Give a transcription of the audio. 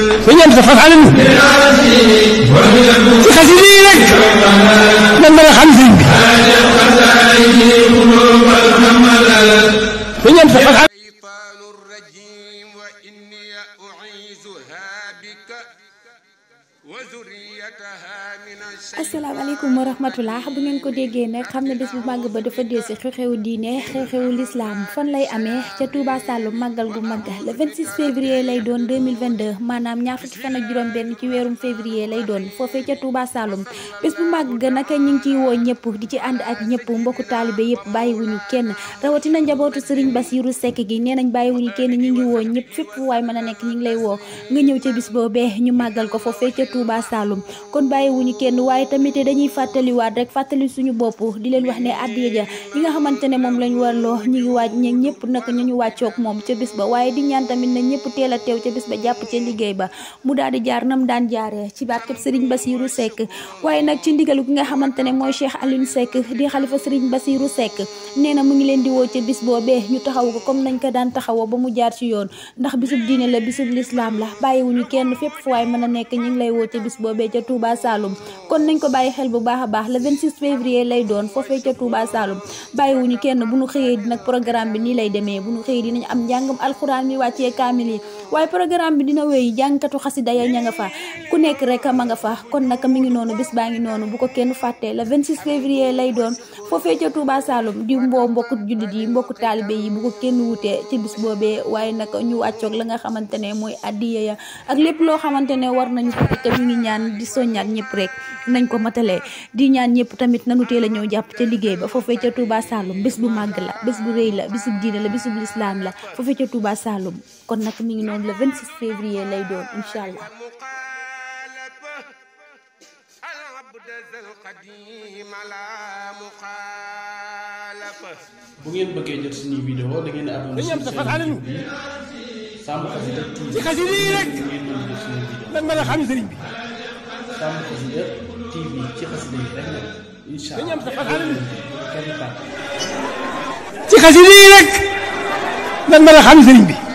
من يمزح عن النبي في خزينك من بلغ خمسين من يمسخ عن الشيطان الرجيم وإني أعيذها بك asalaamaaleykum wa rahmatulah bu ngeen ko déggee nag xam ne bés bu màgg ba dafa dee si xew-xewu diine xew-xewu lislaam fan lay amee ca Touba Saloum màggal gu màgg le 26 février lay doon 2022 maanaam ñaar fukki fan ak juróom-benn ci weerum lay doon foofee ca Touba Saloum bés bu màgg ga nag ñu ngi ciy woo ñëpp di ci ànd ak ñëpp mbokku taalibe yëpp bàyyiwuñu kenn rawatina njabootu Serigne Bassirou Seck gi nee nañ bàyyiwuñu kenn ñu ngi woo ñëpp fépp waay mën a nekk ñu ngi lay woo nga ñëw ca bis boobee ñu màggal ko foofee Touba Saloum kon bàyyiwuñu kenn waye tamit dañuy fàttaliwaat rek fatali suñu bop di leen wax ne addiya ja yi nga xamantene mom lañ warlo ñi ngi waaj ñek ñepp nak ñu ñu wàccoog moom bis ba waye di ñaan tamit na ñepp teel a ci bis ba japp ci liggéey ba mu daal di jaar nam daan jaaré ci barkeb Serigne Bassirou Seck waye nak ci ndigalu ki nga xamantene ne Cheikh Alioune Seck di khalifa Serigne Bassirou Seck nee mu ngi leen di wo ci bis bobé ñu taxaw ko comme nañ ko daan taxaw ba mu jaar ci yoon ndax bisub diiné la bisub l'islam la bàyyiwuñu kenn fépp fu way mëna nek ñing lay yittewoo ci bis boobee ca Touba Saloum kon nañ ko bàyyi xel bu baax a baax le 26 février lay doon foofee ca Touba Saloum bàyyiwuñu kenn bu nu xëyee di nag programme bi nii lay demee bu ñu xëyee dinañ am njàngam alxuraan mi wàccee kaamil yi waaye programme bi dina wéy jàngkatu xasida ya ña nga fa ku nekk rek ma nga fa kon nag mi ngi noonu bés baa ngi noonu bu ko kenn fàttee le 26 février lay doon foofee ca Touba Saloum mboo mbokku jullit yi mbokku taalibe yi bu ko kenn wutee ci bis boobee waaye nag ñu wàccoog la nga xamante ne mooy addiya ya ak lépp loo xamante ne war nañu ko te mi ñaan di soññaat ñëpp rek nañ ko matalee di ñaan ñëpp tamit nanu teel a ñëw jàpp ca liggéey ba foofee ca Touba Saloum bés bu màgg la bés bu rëy la bésub diine la bésub lislaam la foofee ca Touba Saloum kon nag mi ngi noonu moom le 26 février lay doon incha allah. bu ngeen bëggee jot suñuy vidéo da ngeen di abonné suñu chaîne bi Samb Xasida TV. ci xasida yi rek lan nga la xam sëriñ bi. Samb Xasida TV ci xasida yi rek nag incha allah ci xasida yi rek lan nga la xam sëriñ bi.